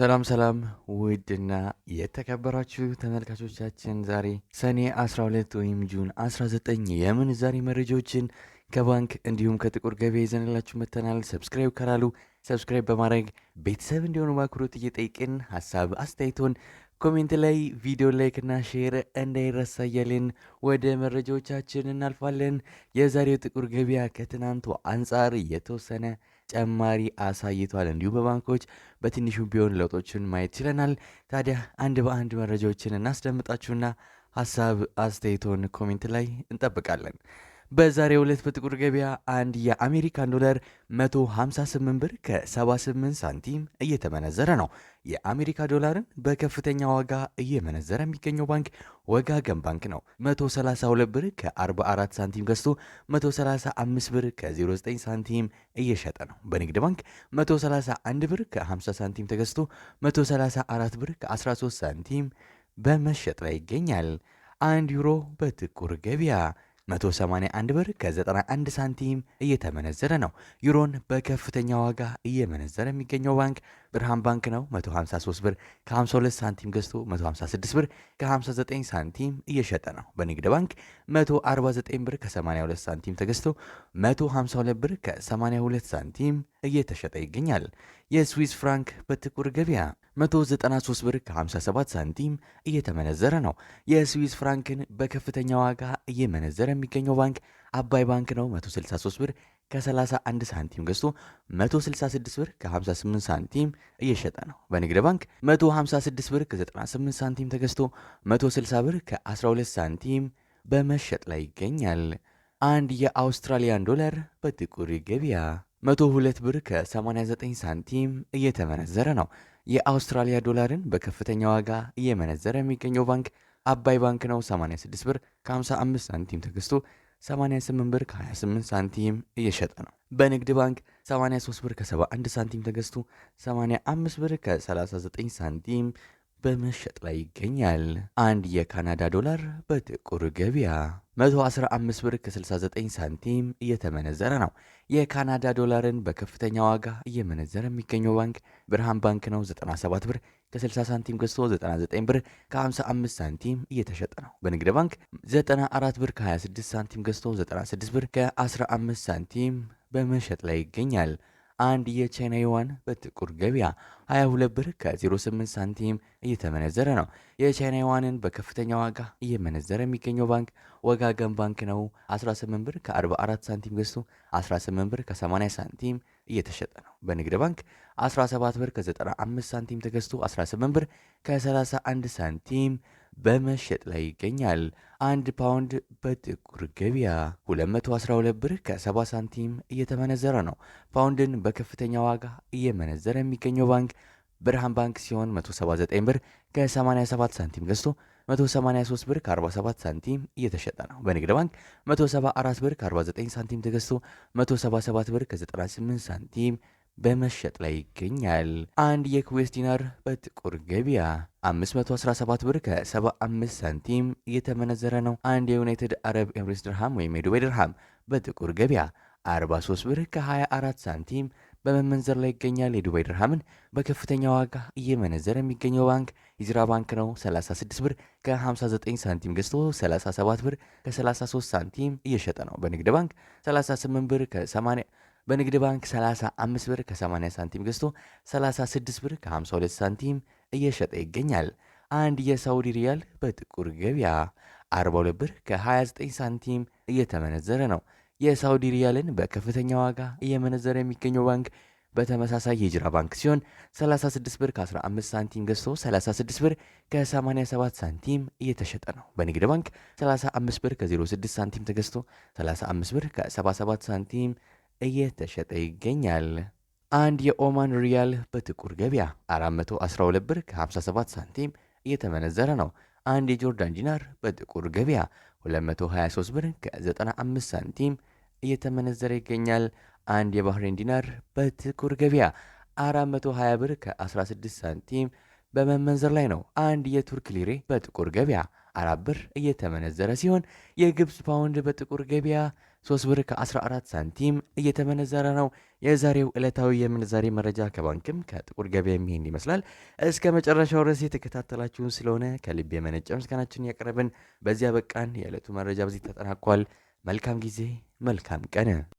ሰላም ሰላም ውድና የተከበራችሁ ተመልካቾቻችን ዛሬ ሰኔ 12 ወይም ጁን 19 የምንዛሬ መረጃዎችን ከባንክ እንዲሁም ከጥቁር ገበያ ይዘንላችሁ መተናል። ሰብስክራይብ ካላሉ ሰብስክራይብ በማድረግ ቤተሰብ እንዲሆኑ በአክብሮት እየጠይቅን ሀሳብ አስተያየቶን ኮሜንት ላይ ቪዲዮ ላይክና ሼር እንዳይረሳ እያልን ወደ መረጃዎቻችን እናልፋለን። የዛሬው ጥቁር ገበያ ከትናንቱ አንጻር የተወሰነ ጨማሪ አሳይቷል። እንዲሁም በባንኮች በትንሹም ቢሆን ለውጦችን ማየት ችለናል። ታዲያ አንድ በአንድ መረጃዎችን እናስደምጣችሁና ሀሳብ አስተያየቶን ኮሜንት ላይ እንጠብቃለን። በዛሬ ዕለት በጥቁር ገበያ አንድ የአሜሪካን ዶላር 158 ብር ከ78 ሳንቲም እየተመነዘረ ነው። የአሜሪካ ዶላርን በከፍተኛ ዋጋ እየመነዘረ የሚገኘው ባንክ ወጋገን ባንክ ነው። 132 ብር ከ44 ሳንቲም ገዝቶ 135 ብር ከ09 ሳንቲም እየሸጠ ነው። በንግድ ባንክ 131 ብር ከ50 ሳንቲም ተገዝቶ 134 ብር ከ13 ሳንቲም በመሸጥ ላይ ይገኛል። አንድ ዩሮ በጥቁር ገበያ 181 ብር ከ91 ሳንቲም እየተመነዘረ ነው። ዩሮን በከፍተኛ ዋጋ እየመነዘረ የሚገኘው ባንክ ብርሃን ባንክ ነው። 153 ብር ከ52 ሳንቲም ገዝቶ 156 ብር ከ59 ሳንቲም እየሸጠ ነው። በንግድ ባንክ 149 ብር ከ82 ሳንቲም ተገዝቶ 152 ብር ከ82 ሳንቲም እየተሸጠ ይገኛል። የስዊስ ፍራንክ በጥቁር ገበያ 193 ብር ከ57 ሳንቲም እየተመነዘረ ነው። የስዊስ ፍራንክን በከፍተኛ ዋጋ እየመነዘረ የሚገኘው ባንክ አባይ ባንክ ነው። 163 ብር ከ31 ሳንቲም ገዝቶ 166 ብር ከ58 ሳንቲም እየሸጠ ነው። በንግድ ባንክ 156 ብር ከ98 ሳንቲም ተገዝቶ 160 ብር ከ12 ሳንቲም በመሸጥ ላይ ይገኛል። አንድ የአውስትራሊያን ዶላር በጥቁር ገበያ 102 ብር ከ89 ሳንቲም እየተመነዘረ ነው። የአውስትራሊያ ዶላርን በከፍተኛ ዋጋ እየመነዘረ የሚገኘው ባንክ አባይ ባንክ ነው። 86 ብር ከ55 ሳንቲም ተገዝቶ 88 ብር ከ28 ሳንቲም እየሸጠ ነው። በንግድ ባንክ 83 ብር ከ71 ሳንቲም ተገዝቶ 85 ብር ከ39 ሳንቲም በመሸጥ ላይ ይገኛል። አንድ የካናዳ ዶላር በጥቁር ገበያ 115 ብር ከ69 ሳንቲም እየተመነዘረ ነው። የካናዳ ዶላርን በከፍተኛ ዋጋ እየመነዘረ የሚገኘው ባንክ ብርሃን ባንክ ነው። 97 ብር ከ60 ሳንቲም ገዝቶ 99 ብር ከ55 ሳንቲም እየተሸጠ ነው። በንግድ ባንክ 94 ብር ከ26 ሳንቲም ገዝቶ 96 ብር ከ15 ሳንቲም በመሸጥ ላይ ይገኛል። አንድ የቻይና ዩዋን በጥቁር ገበያ 22 ብር ከ08 ሳንቲም እየተመነዘረ ነው። የቻይና ዩዋንን በከፍተኛ ዋጋ እየመነዘረ የሚገኘው ባንክ ወጋገን ባንክ ነው። 18 ብር ከ44 ሳንቲም ገዝቶ 18 ብር ከ80 ሳንቲም እየተሸጠ ነው። በንግድ ባንክ 17 ብር ከ95 ሳንቲም ተገዝቶ 18 ብር ከ31 ሳንቲም በመሸጥ ላይ ይገኛል። አንድ ፓውንድ በጥቁር ገበያ 212 ብር ከ70 ሳንቲም እየተመነዘረ ነው። ፓውንድን በከፍተኛ ዋጋ እየመነዘረ የሚገኘው ባንክ ብርሃን ባንክ ሲሆን 179 ብር ከ87 ሳንቲም ገዝቶ 183 ብር ከ47 ሳንቲም እየተሸጠ ነው። በንግድ ባንክ 174 ብር ከ49 ሳንቲም ተገዝቶ 177 ብር ከ98 ሳንቲም በመሸጥ ላይ ይገኛል። አንድ የኩዌስ ዲናር በጥቁር ገበያ 517 ብር ከ75 ሳንቲም እየተመነዘረ ነው። አንድ የዩናይትድ አረብ ኤምሬስ ድርሃም ወይም የዱባይ ድርሃም በጥቁር ገበያ 43 ብር ከ24 ሳንቲም በመመንዘር ላይ ይገኛል። የዱባይ ድርሃምን በከፍተኛ ዋጋ እየመነዘረ የሚገኘው ባንክ ሂጅራ ባንክ ነው። 36 ብር ከ59 ሳንቲም ገዝቶ 37 ብር ከ33 ሳንቲም እየሸጠ ነው። በንግድ ባንክ 38 ብር ከ80 በንግድ ባንክ 35 ብር ከ80 ሳንቲም ገዝቶ 36 ብር ከ52 ሳንቲም እየሸጠ ይገኛል። አንድ የሳውዲ ሪያል በጥቁር ገበያ 42 ብር ከ29 ሳንቲም እየተመነዘረ ነው። የሳውዲ ሪያልን በከፍተኛ ዋጋ እየመነዘረ የሚገኘው ባንክ በተመሳሳይ የሂጅራ ባንክ ሲሆን 36 ብር ከ15 ሳንቲም ገዝቶ 36 ብር ከ87 ሳንቲም እየተሸጠ ነው። በንግድ ባንክ 35 ብር ከ06 ሳንቲም ተገዝቶ 35 ብር ከ77 ሳንቲም እየተሸጠ ይገኛል። አንድ የኦማን ሪያል በጥቁር ገበያ 412 ብር ከ57 ሳንቲም እየተመነዘረ ነው። አንድ የጆርዳን ዲናር በጥቁር ገበያ 223 ብር ከ95 ሳንቲም እየተመነዘረ ይገኛል። አንድ የባህሬን ዲናር በጥቁር ገበያ 420 ብር ከ16 ሳንቲም በመመንዘር ላይ ነው። አንድ የቱርክ ሊሬ በጥቁር ገበያ 4 ብር እየተመነዘረ ሲሆን የግብፅ ፓውንድ በጥቁር ገበያ 3 ብር ከ14 ሳንቲም እየተመነዘረ ነው። የዛሬው ዕለታዊ የምንዛሬ መረጃ ከባንክም ከጥቁር ገበያ የሚሄድ ይመስላል። እስከ መጨረሻው ድረስ የተከታተላችሁን ስለሆነ ከልብ የመነጨ ምስጋናችን ያቀረብን፣ በዚያ በቃን። የዕለቱ መረጃ በዚህ ተጠናቋል። መልካም ጊዜ፣ መልካም ቀን